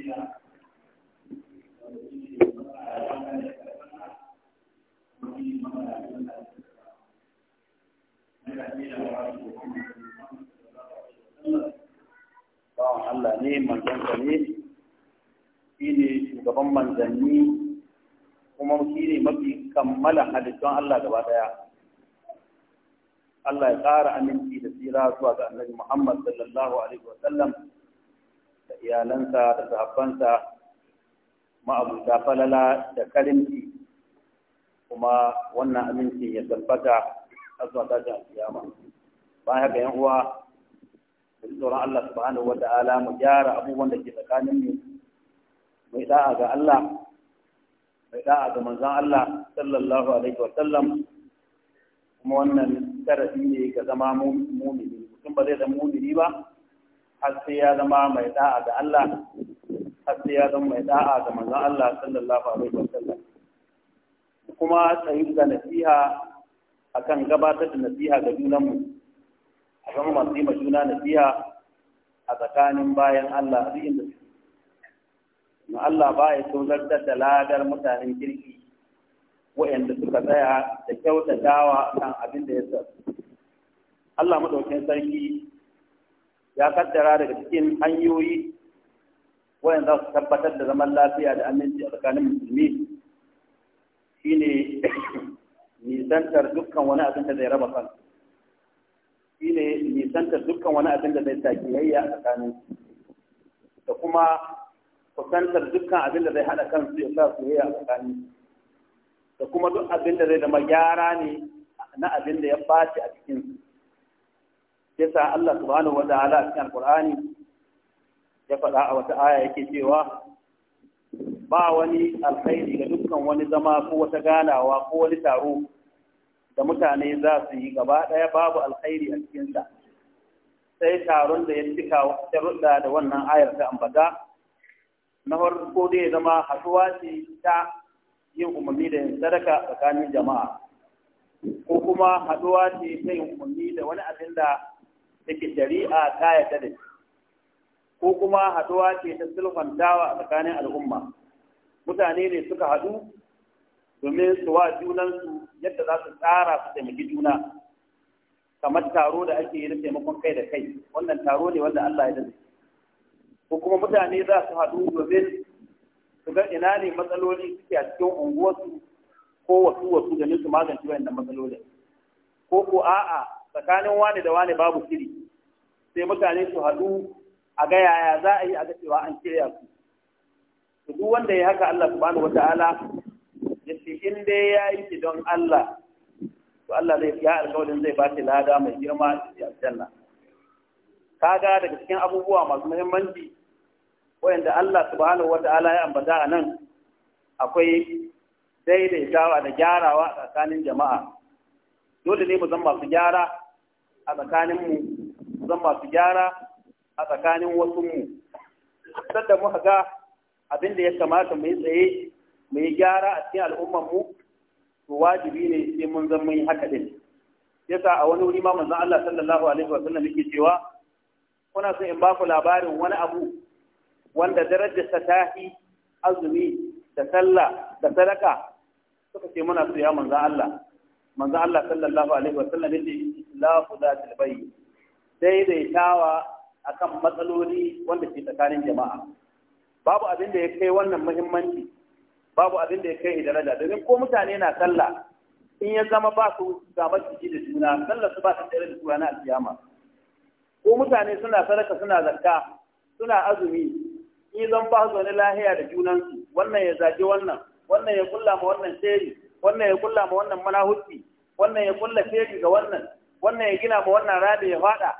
bawan Allah ne manzansa ne shi ne shugaban manzanni kuma shi ne mafi kammala halittun Allah gaba daya Allah ya ƙara aminci da tsira zuwa ga annabi Muhammad sallallahu alaihi wa sallam iyalansa da sahabbansa ma'abuta falala da karimci kuma wannan aminci ya tabbata a zuwa tashin alkiyama bayan haka yan uwa da tsoron Allah subhanahu wa ta'ala mu gyara abubuwan da ke tsakanin mu mai da'a ga Allah mai da'a ga manzon Allah sallallahu alaihi wa sallam kuma wannan darasi ne ga zama mumini mutum ba zai zama mumini ba har sai ya zama mai da'a ga Allah har sai ya zama mai da'a ga manzon Allah sallallahu alaihi wasallam kuma tsayi da nasiha akan gabatar da nasiha ga junanmu a zama masu yi juna nasiha a tsakanin bayan Allah a da su na Allah ba ya tozartar da ladar mutanen kirki waɗanda suka tsaya da kyautatawa kan abin da ya sa Allah madaukin sarki ya kaddara daga cikin hanyoyi wayan za su tabbatar da zaman lafiya da aminci a tsakanin musulmi shine nisantar dukkan wani abin da zai raba kan shine nisantar dukkan wani abin da zai sa kiyayya a tsakanin da kuma kusantar dukkan abin da zai hada kansu ya sa su a tsakanin da kuma duk abin da zai zama gyara ne na abin da ya faci a cikin yasa Allah subhanahu wa ta'ala a cikin alqur'ani ya faɗa a wata aya yake cewa ba wani alkhairi ga dukkan wani zama ko wata ganawa ko wani taro da mutane za su yi gaba ɗaya babu alkhairi a cikin cikinsa sai taron da ya cika sharuɗa da wannan ayar ta ambata na farko dai zama haɗuwa ce ta yin umarni da yin sadaka tsakanin jama'a ko kuma haɗuwa ce ta yin umarni da wani abin da take shari'a ta yarda da ko kuma Haduwa ce ta sulhuntawa a tsakanin al'umma mutane ne suka haɗu domin su wa junansu yadda za su tsara su taimaki juna kamar taro da ake yi na taimakon kai da kai wannan taro ne wanda Allah ya dace ko kuma mutane za su haɗu domin su ga ina ne matsaloli suke a cikin unguwarsu ko wasu wasu domin su magance wannan matsalolin ko ko a'a tsakanin wani da wani babu shiri sai mutane su haɗu a ga yaya za a yi a ga cewa an shirya su Su duk wanda ya haka Allah subhanahu wataala ya ce in dai ya yi ki don Allah to Allah zai ya alƙawarin zai ba ki lada mai girma ya aljanna ga daga cikin abubuwa masu muhimmanci wayanda Allah subhanahu wataala ya ambata a nan akwai daidaitawa da gyarawa a tsakanin jama'a dole ne mu zama masu gyara a tsakaninmu zan masu gyara a tsakanin wasu mu sadda muka ga abin da ya kamata mu yi tsaye mu yi gyara a cikin al'ummar mu to wajibi ne sai mun zan mun yi haka din yasa a wani wuri ma manzon Allah sallallahu alaihi wa sallam yake cewa kuna so in ba ku labarin wani abu wanda darajar ta tahi azumi da sallah da sadaka suka ce muna so ya manzon Allah manzon Allah sallallahu alaihi wa sallam yake la fudatil bayyin daidaitawa kan matsaloli wanda ke tsakanin jama'a babu abin da ya kai wannan muhimmanci babu abin da ya kai daraja domin ko mutane na sallah in ya zama ba su gama ciki da juna sallar su ba su tsere da juna na alkiyama ko mutane suna sadaka suna zakka suna azumi in zan ba su wani lahiya da junansu wannan ya zaje wannan wannan ya kulla ma wannan sheri wannan ya kulla ma wannan manahuci wannan ya kulla sheri ga wannan wannan ya gina ma wannan rada ya fada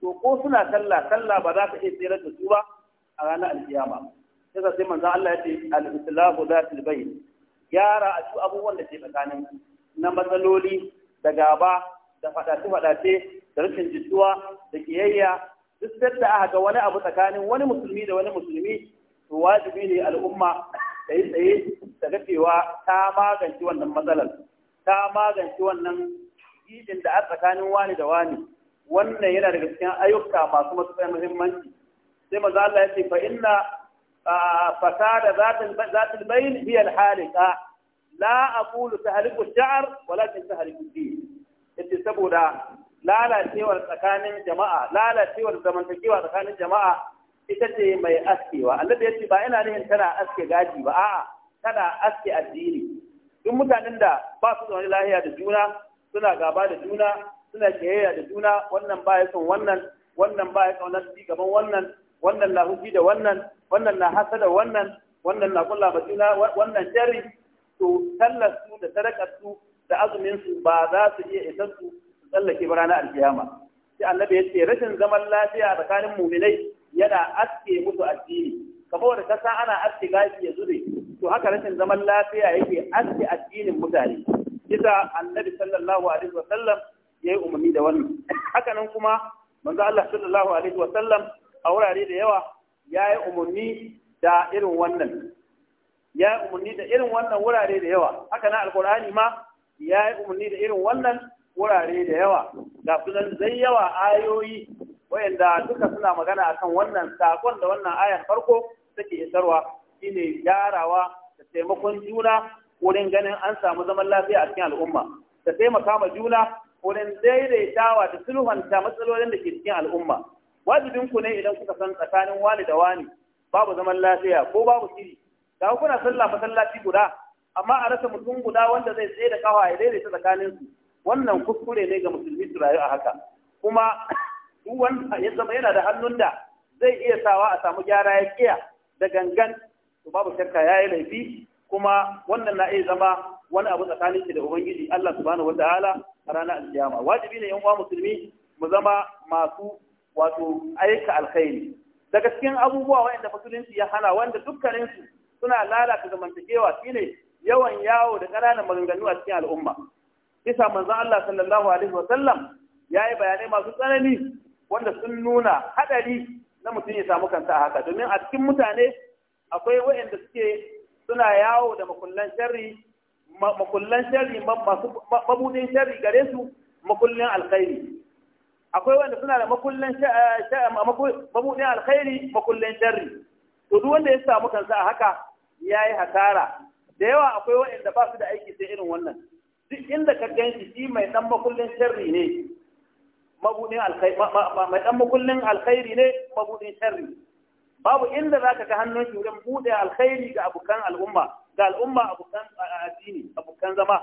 to ko suna sallah sallah ba za ka iya tsere da su ba a ranar alkiyama sai sai manzo Allah ya ce al-islahu zatul bayn gyara a su abubuwan da ke tsakanin na matsaloli da gaba da fadace fadace da rashin jituwa da kiyayya duk da aka ga wani abu tsakanin wani musulmi da wani musulmi to wajibi ne al'umma ta yi tsaye ta ga ta magance wannan matsalar ta magance wannan gidin da a tsakanin wani da wani wannan yana daga cikin ayyuka masu matuƙar muhimmanci sai maza Allah ya ce fa inna fasada zatul bayn hiya al halika la aqulu tahliku sha'r walakin tahliku din yace saboda lalacewar tsakanin jama'a lalacewar zamantakewa tsakanin jama'a ita ce mai askewa Allah ya ce ba ina nihin tana aske gaji ba a'a tana aske addini duk mutanen da ba su zaune lahiya da juna suna gaba da juna suna kiyayya da juna wannan ba ya son wannan wannan ba ya son kaunar ci gaban wannan wannan na huji da wannan wannan na hasa da wannan wannan na kulla ba juna wannan jari to tallarsu da sadakarsu da azuminsu ba za su iya isar su tsallake ba ranar alkiyama sai annabi ya ce rashin zaman lafiya tsakanin muminai yana aske musu addini kamar da kasa ana aske gashi ya zube to haka rashin zaman lafiya yake aske addinin mutane kisa annabi sallallahu alaihi wa sallam. Ya yi umarni da wannan haka nan kuma manzo Allah sallallahu alaihi wa sallam a wurare da yawa ya yi umarni da irin wannan ya yi umarni da irin wannan wurare da yawa haka nan alqur'ani ma ya yi umarni da irin wannan wurare da yawa ga sunan zai yawa ayoyi wayanda duka suna magana akan wannan sakon da wannan ayar farko take isarwa shine gyarawa da taimakon juna wurin ganin an samu zaman lafiya a cikin al'umma da taimaka ma juna wurin daidaitawa da sulhunta matsalolin da ke cikin al'umma wajibin ne idan kuka san tsakanin wani da wani babu zaman lafiya ko babu shiri da kuna sallah masallaci guda amma a rasa mutum guda wanda zai tsaye da kawa ya daidaita tsakanin su wannan kuskure ne ga musulmi su rayu a haka kuma duk wanda ya zama yana da hannun da zai iya sawa a samu gyara ya kiya da gangan to babu shakka ya yi laifi kuma wannan na iya zama wani abu tsakanin shi da ubangiji Allah subhanahu ta'ala a ranar alkiyama wajibi ne yan uwa musulmi mu zama masu wato aika alkhairi daga cikin abubuwa wanda musulunci ya hana wanda dukkaninsu suna lalata zamantakewa shine yawan yawo da ƙananan maganganu a cikin al'umma kisa manzo Allah sallallahu alaihi wa sallam yayi bayanai masu tsanani wanda sun nuna hadari na mutum ya samu kansa a haka domin a cikin mutane akwai wa'anda suke suna yawo da makullan sharri makullan masu mabudin sharri gare su makullin alkhairi akwai wanda suna da makullin eh, mabudin alkhairi makullin sharri to duk wanda ya samu kansa a haka ya yi hasara da yawa akwai wanda ba su da aiki sai irin wannan duk inda ka gan shi shi mai dan makullin shari ne mabudin alkhairi mai dan makullin alkhairi ne mabudin sharri babu inda zaka ga hannun shi wurin bude alkhairi ga abokan al'umma ga al'umma abokan addini abokan zama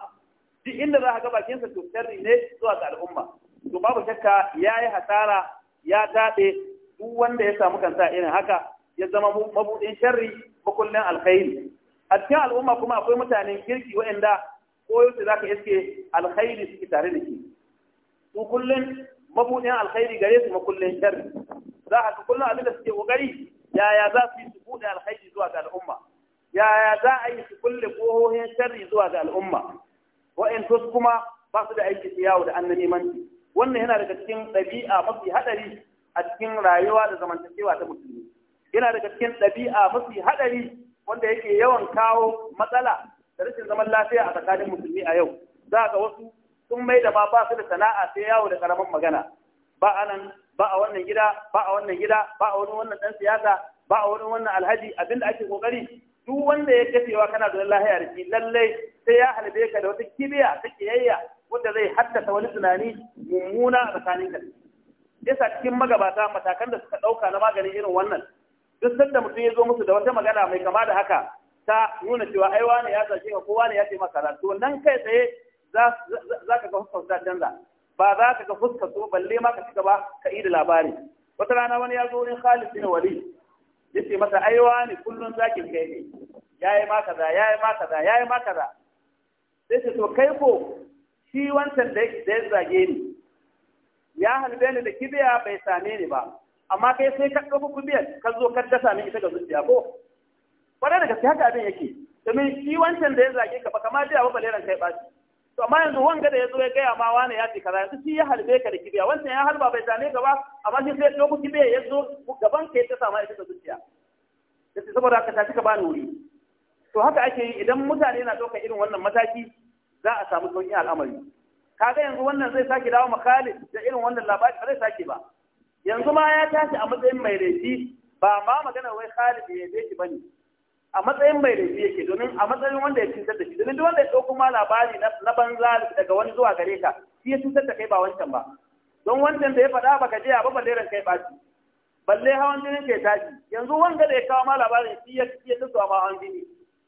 duk inda za ka ga bakinsa to sharri ne zuwa ga al'umma to babu shakka ya yi hasara ya taɓe duk wanda ya samu kansa irin haka ya zama mabudin sharri makullin alkhairi a cikin al'umma kuma akwai mutanen kirki waɗanda koyaushe za ka iske alkhairi suke tare da shi su kullum mabuɗin alkhairi gare su makullin sharri za ka kullum abin da suke ƙoƙari yaya za su yi su buɗe alkhairi zuwa ga al'umma yaya za a yi su kulle kohohin sharri zuwa ga al'umma wa'yansu kuma ba su da aiki su yawo da annan manti. wannan yana daga cikin ɗabi'a mafi haɗari a cikin rayuwa da zamantakewa ta musulmi yana daga cikin ɗabi'a mafi haɗari wanda yake yawan kawo matsala da rashin zaman lafiya a tsakanin musulmi a yau za ga wasu sun mai da ma ba su da sana'a sai yawo da karamin magana ba a nan ba a wannan gida ba a wannan gida ba a wani wannan ɗan siyasa ba a wani wannan alhaji abinda ake kokari duk wanda ya kasewa kana da lahiya da shi lallai sai ya halbe ka da wata kibiya ta kiyayya wanda zai haddasa wani tunani mummuna a tsakanin ka yasa cikin magabata matakan da suka ɗauka na maganin irin wannan duk sanda mutum ya zo musu da wata magana mai kama da haka ta nuna cewa ai wani ya zace ka ko wani ya ce maka to nan kai tsaye za ka ga fuskar ta canza ba za ka ga fuskar su balle ma ka ci gaba ka yi da labari wata rana wani ya zo wurin Khalid bin Walid yace masa ai wani kullun zakin kai ne yayi ma kaza yayi ma kaza yayi ma kaza sai ce to kai ko shi wancan da da zage ni ya halbe ni da kibiya bai same ni ba amma kai sai ka ɗauko kibiyar ka zo ka dasa min ita ga zuciya ko kwarai da gaske haka abin yake domin shi wancan da ya zage ka ba kama da yawa baleran kai ɓaci to amma yanzu wanga da ya zo ya gaya ma wani ya ce kaza yanzu shi ya halbe ka da kibiya wancan ya halba bai zane ka ba amma shi sai ɗauko kibiya ya zo gaban ka ya ta sama ita zuciya yace saboda haka tashi ka ba ni wuri to haka ake yi idan mutane na ɗaukar irin wannan mataki za a samu sauƙin al'amari kaga yanzu wannan zai sake dawo ma Khalid da irin wannan labari ba zai sake ba yanzu ma ya tashi a matsayin mai laifi ba ma magana wai Khalid ya yi ba bane a matsayin mai laifi yake domin a matsayin wanda ya cutar da shi domin duk wanda ya ɗauko ma labari na banza daga wani zuwa gare ka shi ya cutar da kai ba wancan ba don wancan da ya faɗa baka je a ba balle ran kai ɓaci balle hawan jini ke tashi yanzu wanda da ya kawo ma labarin shi ya ya tasowa ma hawan jini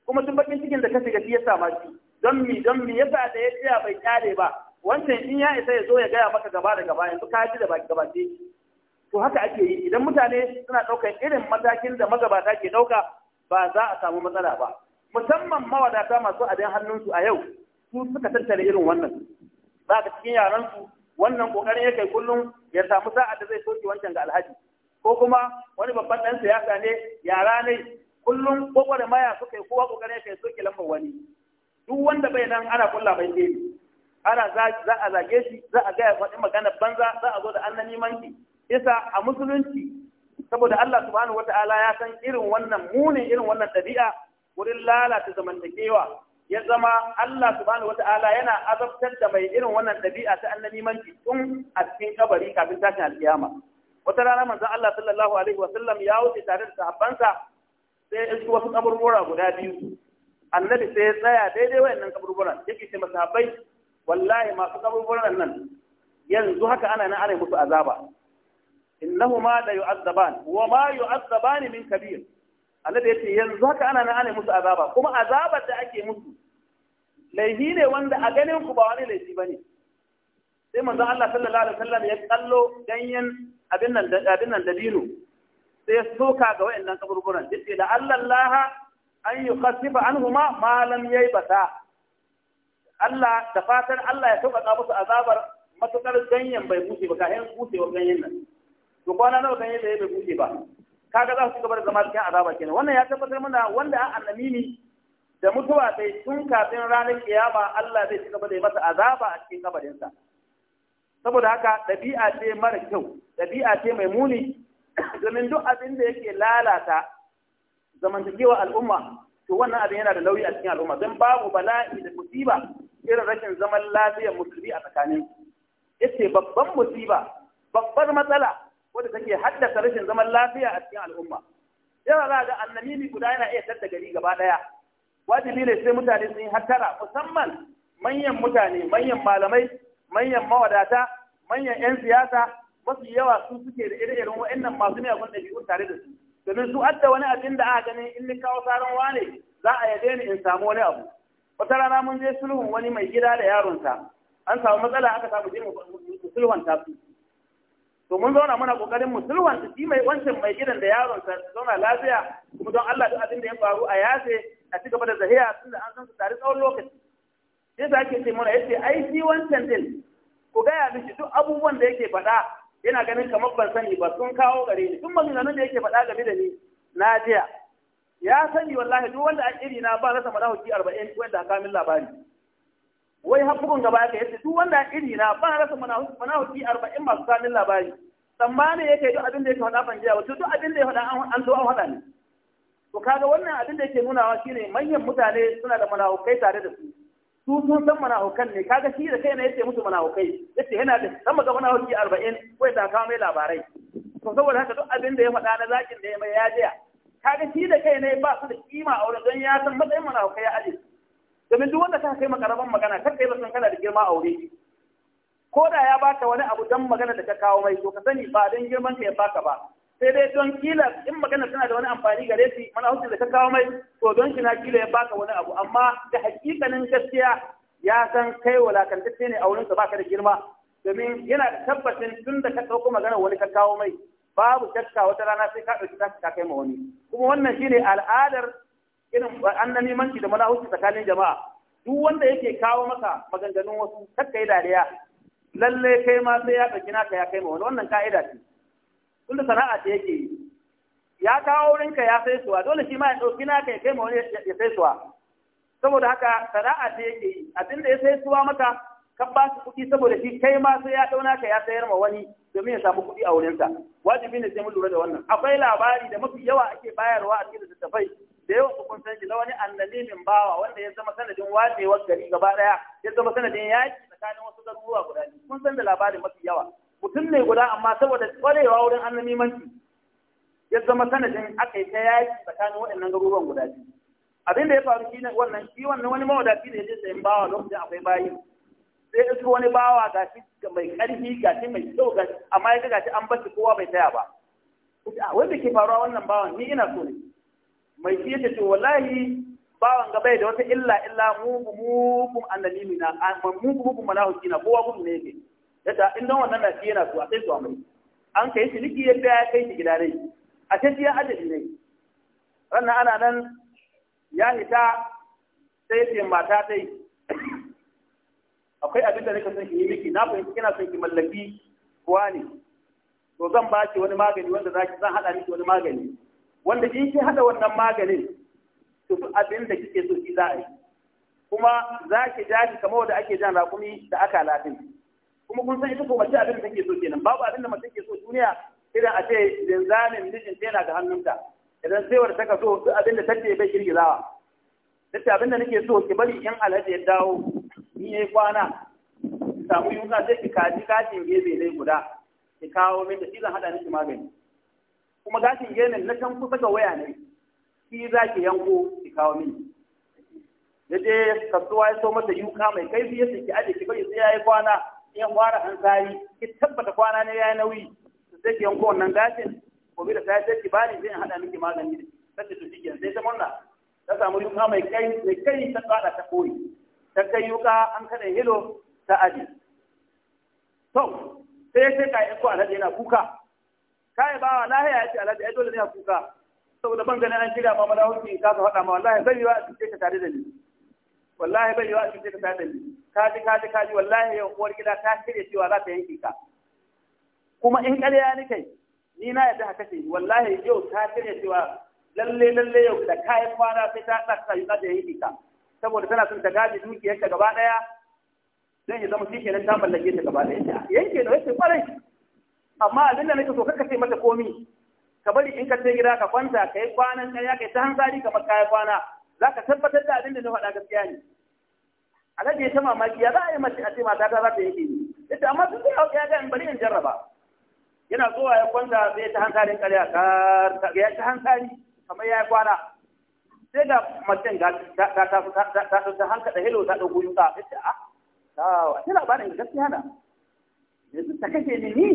kuma tun bakin cikin da ka shiga shi ya ma shi don mi don mi yasa da ya tsaya bai kyale ba wancan in ya isa ya zo ya gaya maka gaba da gaba yanzu ka ji da baki gaba to haka ake yi idan mutane suna ɗaukar irin matakin da magabata ke ɗauka ba za a samu matsala ba musamman mawadata masu adin hannunsu a yau su suka tattara irin wannan za ka cikin yaransu wannan kokarin ya kai kullum ya samu sa'a da zai soke wancan ga alhaji ko kuma wani babban dan siyasa ne yara ne kullum kokwar maya suka yi kowa kokarin ya kai soke lambar wani duk wanda bai nan ana kulla bai ne ana za a zage shi za a gaya wani magana banza za a zo da annan manki isa a musulunci saboda Allah subhanahu wata'ala ya san irin wannan munin irin wannan ɗabi'a wurin lalata zamantakewa ya zama Allah subhanahu wata'ala yana azabtar da mai irin wannan ɗabi'a ta annabi manci tun a cikin kabari kafin tashin alkiyama wata rana manzon Allah sallallahu alaihi wa sallam ya wuce tare da sahabbansa sai ya wasu kaburbura guda biyu annabi sai ya tsaya daidai wayannan kaburburan yake ce masahabai wallahi masu kaburburan nan yanzu haka ana nan ana musu azaba innahuma la yu'azzaban wa ma yu'azzaban min kabir Allah da yanzu haka ana nan ana musu azaba kuma azabar da ake musu laifi ne wanda a ganin ku ba wani laifi bane sai manzo Allah sallallahu alaihi wasallam ya kallo ganyen abin nan abin nan dabino sai ya soka ga wayannan kaburburan yace da Allah Allah an yukhaffifa anhuma ma lam yaybata Allah da fatan Allah ya sauƙaƙa musu azabar matukar ganyen bai bushe ba kayan busewar ganyen nan to kwana nawa kan yadda bai buɗe ba kaga za su gaba da zama cikin azaba kenan wannan ya tabbatar mana wanda an amini. da mutuwa sai tun kafin ranar kiyama Allah zai ci gaba da yi masa azaba a cikin kabarinsa saboda haka dabi'a ce mara kyau dabi'a ce mai muni domin duk abin da yake lalata zamantakewa al'umma to wannan abin yana da nauyi a cikin al'umma don babu bala'i da musiba irin rashin zaman lafiyar musulmi a tsakanin ita babban musiba babbar matsala wadda take haddasa rashin zaman lafiya a cikin al'umma yawa za ga annamimi guda yana iya tadda gari gaba daya wajibi ne sai mutane sun yi hattara musamman manyan mutane manyan malamai manyan mawadata manyan 'yan siyasa Wasu yawa su suke da ire-iren wa'annan masu miyagun ɗabi'u tare da su domin su adda wani abin da aka gani in ni kawo saran wane za a yade ni in samu wani abu wata rana mun je sulhun wani mai gida da yaronsa an samu matsala aka samu jin sulhun tafi to mun zauna muna kokarin musulman shi mai wancan mai gidan da yaron sa zauna lafiya kuma don Allah duk abin da ya faru a yace a ci gaba da zahiya tun da an san su tare tsawon lokaci sai sa ake ce mana yace ai shi wancan din ku gaya mishi duk abubuwan da yake faɗa yana ganin kamar ban sani ba sun kawo gare ni duk maganganun da yake faɗa game da ni na jiya ya sani wallahi duk wanda an iri na ba rasa madahuki arba'in wanda ka min labari wai hakurun gaba ka yace duk wanda iri na ba rasa munafiki 40 masu sanin labari tsammani yake duk abin da yake faɗa ban jiya wato duk abin da ya faɗa an zo an faɗa ne to kaga wannan abin da yake wa shine manyan mutane suna da munafukai tare da su su sun san munafukan ne kaga shi da kaina yace musu munafukai yace yana da sama ga munafiki 40 wai da kawo mai labarai to saboda haka duk abin da ya hada na zakin da ya mai ya jiya kaga shi da kaina ba su da kima a wurin don ya san matsayin munafukai ya aje ka kai makaraban magana kar kai san kana da girma aure ko da ya baka wani abu dan magana da ka kawo mai to ka sani ba dan girman ka ya baka ba sai dai don kila in magana tana da wani amfani gare shi mana hujja da ka kawo mai to don shi na kila ya baka wani abu amma da hakikanin gaskiya ya san kai walakantacce ne a wurin ka baka da girma domin yana da tabbacin tun da ka ɗauko magana wani ka kawo mai babu shakka wata rana sai ka ɗauki ta ka kai ma wani kuma wannan shine al'adar irin annabi manci da malahuci tsakanin jama'a duk wanda yake kawo maka maganganun wasu takka yi dariya lalle kai ma sai ya ɗauki naka ya kai ma wani wannan ka'ida ce tunda sana'a ce yake yi ya kawo wurinka ya sai suwa dole shi ma ya ɗauki naka ya kai ma wani ya sai suwa saboda haka sana'a ce yake yi abinda ya sai suwa maka kan ba su kuɗi saboda shi kai ma sai ya ɗauna naka ya sayar ma wani domin ya samu kuɗi a wurinsa wajibi ne sai mun lura da wannan akwai labari da mafi yawa ake bayarwa a cikin littattafai da yawan kun san shi na wani min bawa wanda ya zama sanadin wacewar gari gaba daya ya zama sanadin yaki tsakanin wasu garuruwa guda biyu kun san da labarin mafi yawa mutum ne guda amma saboda kwarewa wurin annalimanci ya zama sanadin aka yi ta yaki tsakanin waɗannan garuruwan guda biyu abin da ya faru shi wannan shi wannan wani mawadaci da ya je sayan bawa lokacin akwai bayi sai ya ci wani bawa ga shi mai ƙarfi, ga shi mai kyau ga amma ya ga shi an bashi kowa bai taya ba ah, wanda ke faruwa wannan bawan ni ina so ne mai fiye da to wallahi bawan gaba bai da wata illa illa mugu mu annamina mugu mu mu na kowa gudu ne ke, yadda ta inda wannan na su a sai su amuri an kai shi niki yadda ya kai shi gida ne a sai ya adadi ne ranna ana nan ya hita sai ce mata dai akwai abin da nake son ki yi miki na fahimci kina son ki mallaki kuwa ne to zan ba ki wani magani wanda za ki zan haɗa miki wani magani wanda in ki hada wannan maganin to duk abin da kike so ki za yi kuma za ki ja ki kamar wanda ake jan rakumi da aka lafin kuma kun san ita ko mace abin da take so kenan babu abin da mace ke so duniya idan a ce zamin mijin yana ga hannunta idan sai wanda taka so duk abin da take bai girgizawa duk abin da nake so ki bari in alhaji ya dawo ni yayi kwana samu yunga sai ki kaji kajin gebe ne guda ki kawo min da shi hada miki magani kuma gashin genin na can kusa ga waya ne shi za ki yanko ki kawo min. ya je kasuwa ya so masa yuka mai kaifi ya saki aje ki bari sai yayi kwana in wara an sari ki tabbata kwana ne yayi nauyi sai ki yanko wannan gashin gobe da sai sai ki bani zai hada miki magani da sai to shi sai ta murna ta samu yuka mai kai mai kai ta kada ta koyi ta kai yuka an kada hilo ta aje to sai sai ka yi yanko alhaji na kuka kai wallahi ya yace alhaji ai dole ne a kuka saboda ban ganin an shirya ma madawaki in ka faɗa ma wallahi bai yiwa a cuce ka tare da ni wallahi bai yiwa a cuce ka tare da ni ka ji ka ji ka ji wallahi yau uwar gida ta shirya cewa za ta yanke ka kuma in ƙarya ni kai ni na yadda haka ce wallahi yau ta shirya cewa lalle lalle yau da kayan kwana sai ta tsaka yi za ta yanke ka saboda tana son ta gaji dukiyarka gaba ɗaya zan ya zama shi kenan ta mallake ta gaba ɗaya yanke da yake kwarai amma abin da nake so kaka ce mata komi ka bari in ka ce gida ka kwanta ka yi kwanan ɗaya ka yi ta hankali kamar ka yi kwana za ka tabbatar da abin da na faɗa gaskiya ne alhaji ya ta mamaki ya za a yi mace a ce mata ta za ta yi ni ita amma sun sai ya ga in bari in jarraba yana zuwa ya kwanta sai ta hankali ƙarya ka ya ta hankali kamar ya yi kwana sai ga mace ga ta ta ta ta hankali da hilo ta ɗauko yuka ita a ah, ta labarin gaskiya na yanzu ta kashe ni ni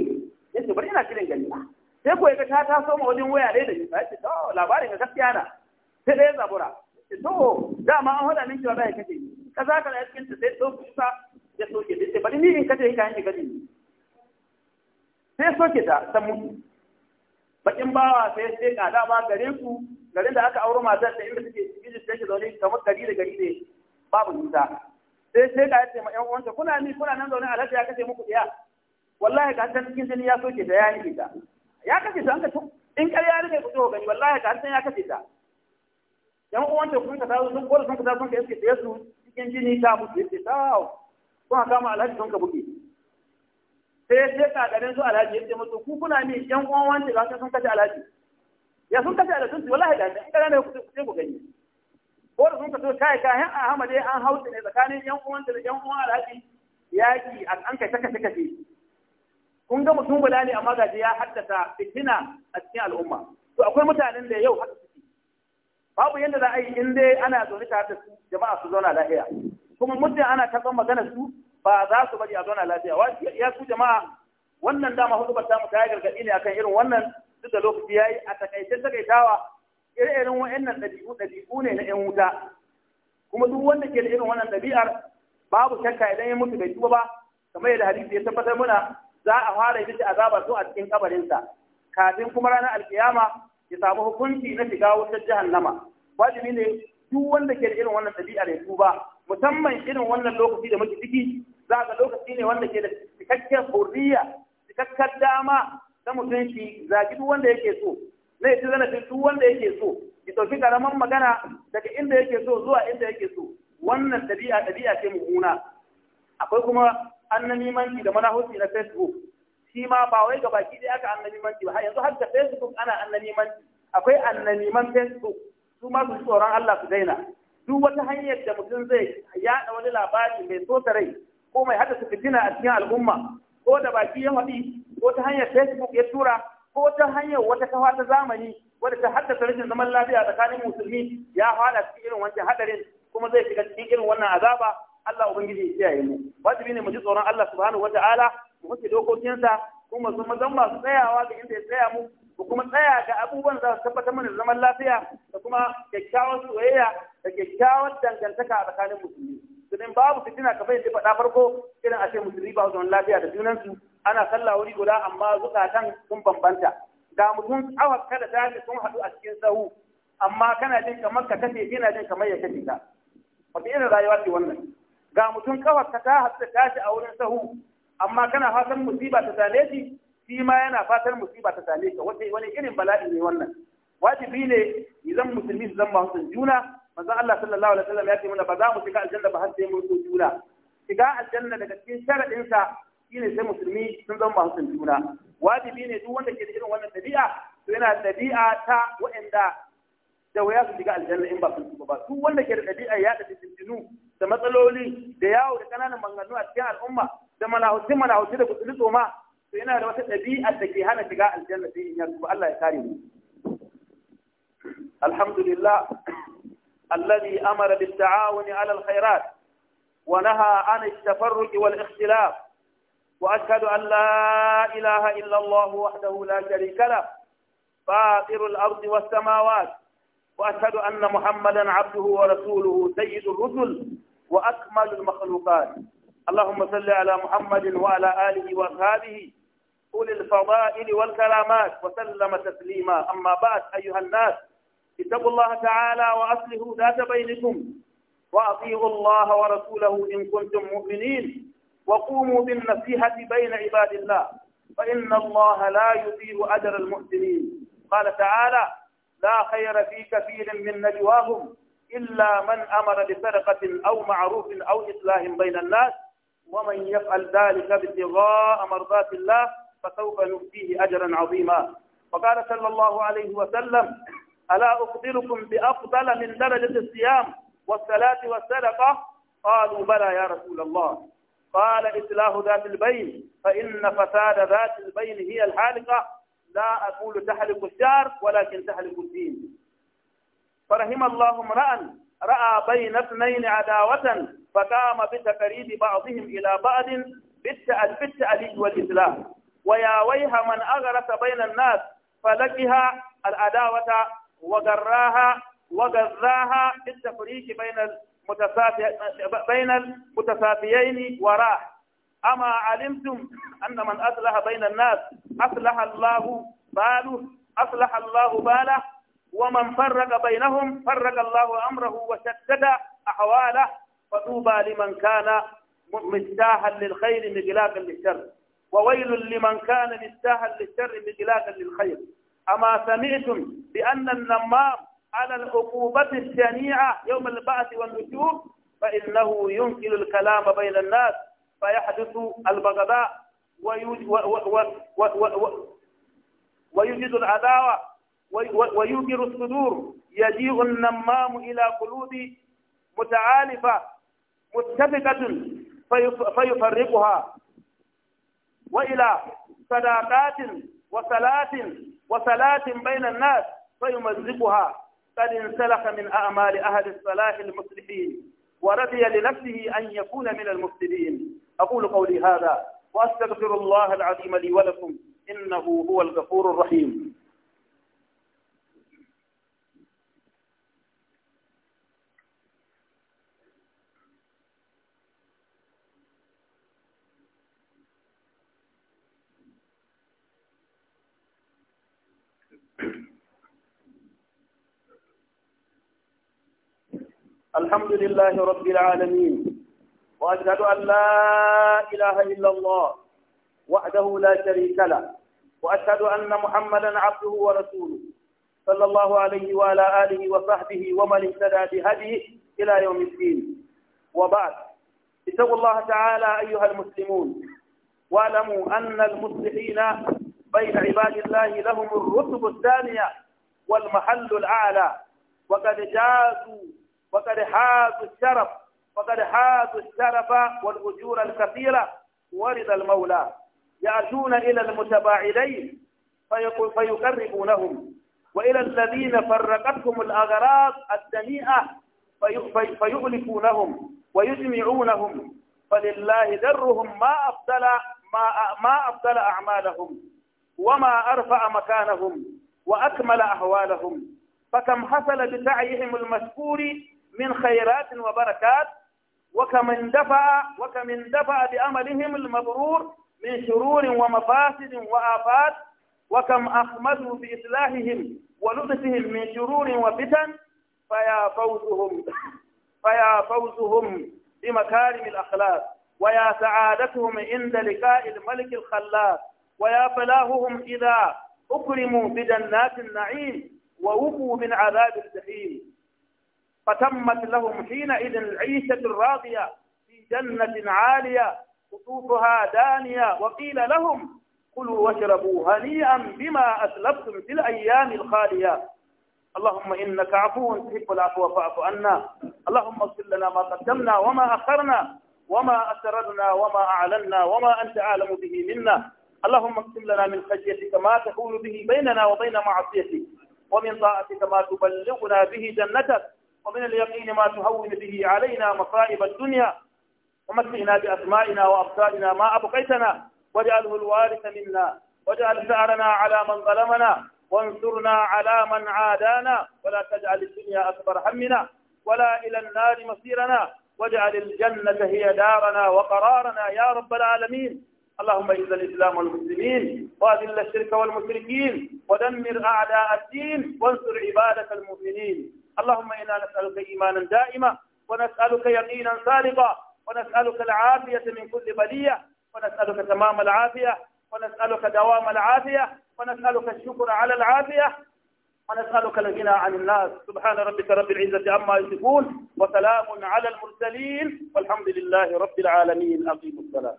ya ce bari ina kiran gani na. sai ko ga ta taso ma wajen waya dai da nisa ya ce to labarin ga gaskiya na sai dai zabura to dama an hada min cewa zai kace kaza kaza ya cikin sai to kusa ya soke sai bari ni in kace ka yanke kace sai soke ta ta mutu bakin bawa sai sai kada ba gare ku garin da aka auro matar da inda suke mijin take zaune kamar gari da gari ne babu nisa sai sai ka yace ma ƴan uwanta kuna ni kuna nan zaune a lafiya kace muku iya wallahi ka san cikin jini ya soke ta ya nike ta ya kace ta an ka in ƙarya ne ku to gani wallahi ka san ya kace ta yan uwan ta kun ka tazo sun kola sun ka sun ka iske ta cikin jini ta mutu ce ta a kama alhaji sun ka buke sai sai ka garin su alhaji yace musu ku kuna ne yan uwan wanda ga sun kace alhaji ya sun kace alhaji wallahi ga in ƙarya ne ku sai ku gani ko da sun ka so kai kayan Ahmad an hausa ne tsakanin yan uwan da yan uwan alhaji yaki an kai ta kace kace kun ga mutum bala ne amma gaji ya haddasa fitina a cikin al'umma to akwai mutanen da yau haka suke babu yadda za a yi in dai ana zaune tare da su jama'a su zauna lafiya kuma mutum ana karɓar magana su ba za su bari a zauna lafiya ya su jama'a wannan dama hudu ta mu ta gargaɗi ne akan irin wannan duk da lokaci yayi a takaice takaitawa ire-iren wa'annan ɗabi'u ɗabi'u ne na 'yan wuta kuma duk wanda ke da irin wannan ɗabi'ar babu shakka idan ya mutu bai tuba ba kamar yadda hadisi ya tabbatar muna za a fara yi azaba su a cikin kabarinsa kafin kuma ranar alkiyama ya samu hukunci na shiga wutar jahannama wajibi ne duk wanda ke da irin wannan ɗabi'a da tuba musamman irin wannan lokaci da muke ciki za ga lokaci ne wanda ke da cikakken hurriya cikakken dama ta mutunci zaki duk wanda yake so na yi zana duk wanda yake so ki ɗauki karaman magana daga inda yake so zuwa inda yake so wannan ɗabi'a ɗabi'a ce mummuna akwai kuma annabimanci da manahusi na facebook shi ma ba wai ga baki ɗaya aka annabimanci ba yanzu har da facebook ana annabimanci akwai annabiman facebook su ma su tsoron Allah su daina duk wata hanyar da mutum zai yaɗa wani labari mai sota rai ko mai haddasa fitina a cikin al'umma ko da baki ya faɗi ko ta hanyar facebook ya tura ko ta hanyar wata kafa ta zamani wadda ta haddasa rashin zaman lafiya tsakanin musulmi ya fada cikin irin wancan hadarin kuma zai shiga cikin irin wannan azaba Allah ubangiji ya kiyaye mu wajibi ne mu ji tsoron Allah subhanahu wataala mu huce dokokinsa kuma su mazan masu tsayawa ga inda ya tsaya mu mu kuma tsaya ga abubuwan da su tabbatar mana zaman lafiya da kuma kyakkyawar soyayya da kyakkyawar dangantaka a tsakanin musulmi domin babu fitina kamar yadda faɗa farko irin a ce musulmi ba zaman lafiya da junansu ana sallah wuri guda amma zukatan sun bambanta ga mutum awa kada ta sun haɗu a cikin sahu amma kana jin kamar ka kace ina jin kamar ya kace ka wata irin rayuwa ce wannan ga mutum kawar ta ta hatsa tashi a wurin sahu amma kana fatan musiba ta same shi shi ma yana fatan musiba ta same ka wace wani irin bala'i ne wannan wajibi ne idan musulmi su zama hutun juna manzon Allah sallallahu alaihi wasallam ya ce mana ba za mu shiga aljanna ba har sai mun so juna shiga aljanna daga cikin sharadin sa shine sai musulmi sun zama hutun juna wajibi ne duk wanda ke da irin wannan dabi'a to yana dabi'a ta wa'anda da waya su shiga aljanna in ba sun ba duk wanda ke da dabi'a ya da fitinu da matsaloli da yawo da ƙananan maganganu a cikin al'umma da manahutun manahutun da kusuri tsoma to yana da wata ɗabi'a da ke hana shiga aljanna sai in ya tuba Allah ya kare mu alhamdulillah الذي أمر بالتعاون على الخيرات ونهى عن التفرق والاختلاف وأشهد أن لا إله إلا الله وحده لا شريك له فاطر الأرض والسماوات وأشهد أن محمدا عبده ورسوله سيد الرسل وأكمل المخلوقات اللهم صل على محمد وعلى آله وأصحابه أولي الفضائل والكرامات وسلم تسليما أما بعد أيها الناس اتقوا الله تعالى وأصلحوا ذات بينكم وأطيعوا الله ورسوله إن كنتم مؤمنين وقوموا بالنصيحة بين عباد الله فإن الله لا يضيع أجر المحسنين قال تعالى لا خير في كثير من نجواهم إلا من أمر بسرقة أو معروف أو إصلاح بين الناس ومن يفعل ذلك ابتغاء مرضات الله فسوف نؤتيه أجرا عظيما وقال صلى الله عليه وسلم ألا أخبركم بأفضل من درجة الصيام والصلاة والصدقة قالوا بلى يا رسول الله قال إصلاح ذات البين فإن فساد ذات البين هي الحالقة لا أقول تحلق الشعر ولكن تحلق الدين فرحم الله امرأ رأى بين اثنين عداوة فقام بتقريب بعضهم إلى بعض بالتأليج والإسلام ويا ويها من أغرس بين الناس فلكها العداوة وغراها وغزاها بالتفريق بين بين المتسافيين وراح أما علمتم أن من أصلح بين الناس أصلح الله باله أصلح الله باله ومن فرق بينهم فرق الله أمره وشدد أحواله فطوبى لمن كان مفتاحا للخير مغلاقا للشر وويل لمن كان مفتاحا للشر مغلاقا للخير أما سمعتم بأن النمام على العقوبة الشنيعة يوم البعث والنشور فإنه ينقل الكلام بين الناس فيحدث البغضاء ويوجد العداوة ويوقر الصدور يجيء النمام إلى قلوب متعالفة متفقة فيفرقها وإلى صداقات وصلاة وصلاة بين الناس فيمزقها قد انسلخ من أعمال أهل الصلاح المصلحين ورضي لنفسه أن يكون من المفسدين أقول قولي هذا وأستغفر الله العظيم لي ولكم إنه هو الغفور الرحيم الحمد لله رب العالمين وأشهد أن لا إله إلا الله وحده لا شريك له وأشهد أن محمدا عبده ورسوله صلى الله عليه وعلى آله وصحبه ومن اهتدى بهديه إلى يوم الدين وبعد اتقوا الله تعالى أيها المسلمون واعلموا أن المصلحين بين عباد الله لهم الرتب الثانية والمحل الأعلى وقد جازوا وقد حازوا الشرف وقد حازوا الشرف والأجور الكثيرة ورد المولى يأتون إلى المتباعدين فيقربونهم وإلى الذين فرقتهم الأغراض الدنيئة فيؤلفونهم ويجمعونهم فلله درهم ما أبطل ما ما أبطل أعمالهم وما أرفع مكانهم وأكمل أهوالهم فكم حصل بسعيهم المشكور من خيرات وبركات وكم اندفع وكم اندفع بأملهم المبرور من شرور ومفاسد وآفات وكم أخمدوا بإصلاحهم ولطفهم من شرور وفتن فيا فوزهم فيا فوزهم بمكارم الأخلاق ويا سعادتهم عند لقاء الملك الخلاق ويا فلاههم إذا أكرموا بجنات النعيم ووقوا من عذاب الجحيم فتمت لهم حينئذ العيشة الراضية في جنة عالية قطوفها دانية وقيل لهم كلوا واشربوا هنيئا بما أسلفتم في الأيام الخالية اللهم إنك عفو تحب العفو فاعف عنا اللهم اغفر لنا ما قدمنا وما أخرنا وما أسررنا وما أعلنا وما أنت أعلم به منا اللهم اقسم لنا من خشيتك ما تحول به بيننا وبين معصيتك ومن طاعتك ما تبلغنا به جنتك ومن اليقين ما تهون به علينا مصائب الدنيا ومسئنا بأسمائنا وأبصارنا ما أبقيتنا واجعله الوارث منا واجعل ثأرنا على من ظلمنا وانصرنا على من عادانا ولا تجعل الدنيا أكبر همنا ولا إلى النار مصيرنا واجعل الجنة هي دارنا وقرارنا يا رب العالمين اللهم اعز الإسلام والمسلمين وأذل الشرك والمشركين ودمر أعداء الدين وانصر عبادك المؤمنين اللهم إنا نسألك إيمانا دائما ونسألك يقينا صادقا ونسألك العافية من كل بلية ونسألك تمام العافية ونسألك دوام العافية ونسألك الشكر على العافية ونسألك الغنى عن الناس سبحان ربك رب العزة عما يصفون وسلام على المرسلين والحمد لله رب العالمين أقيموا الصلاة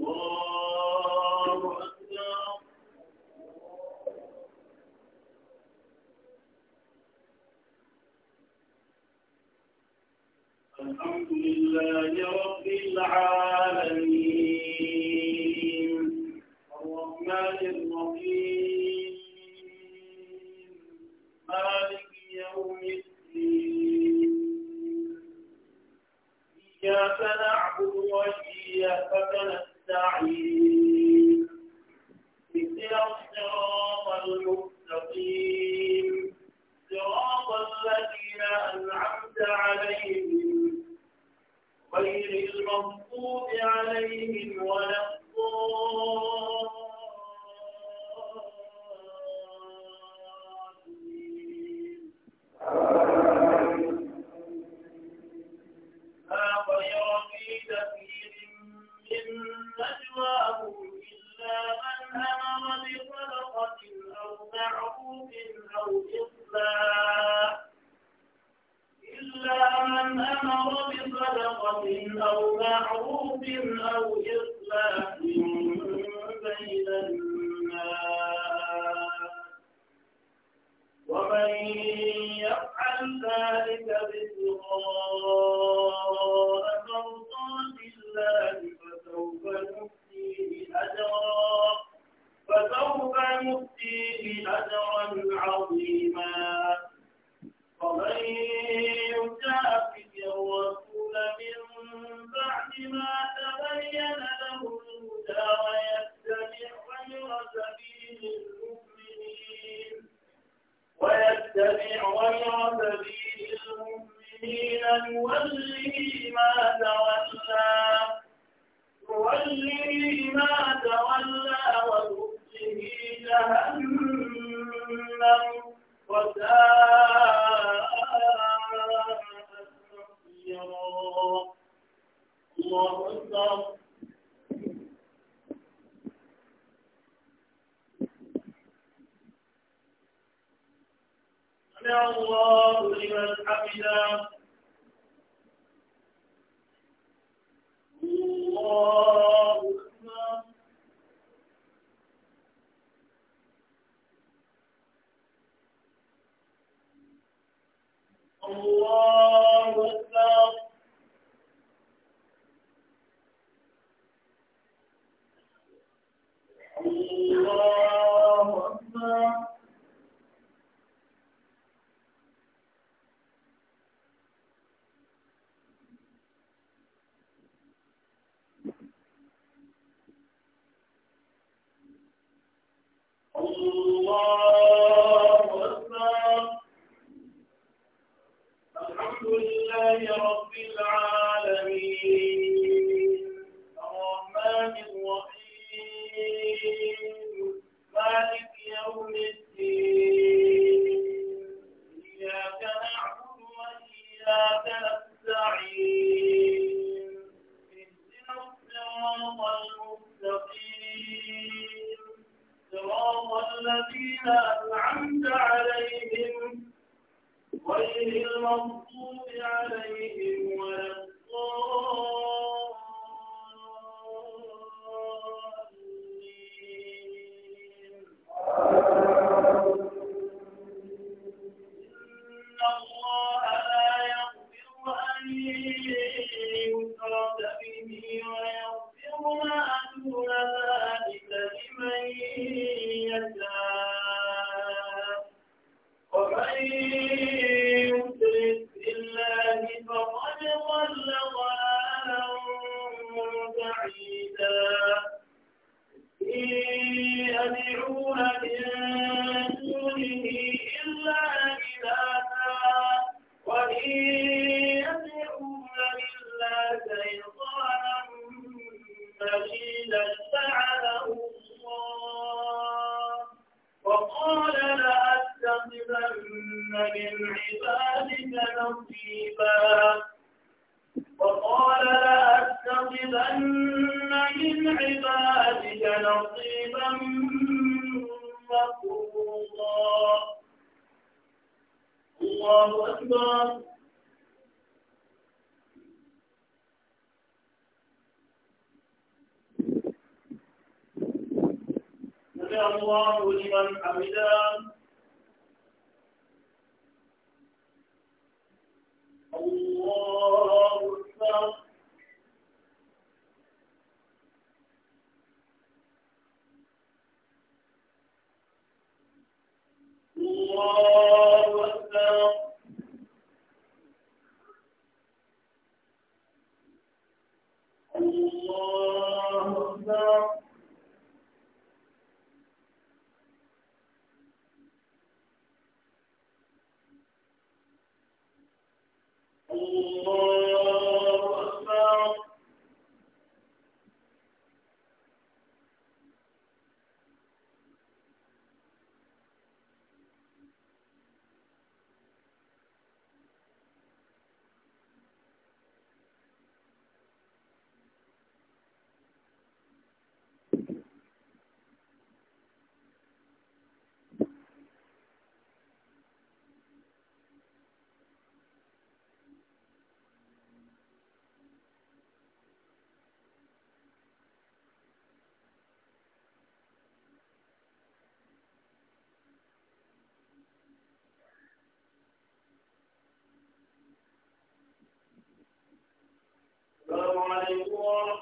Whoa.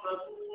ربكم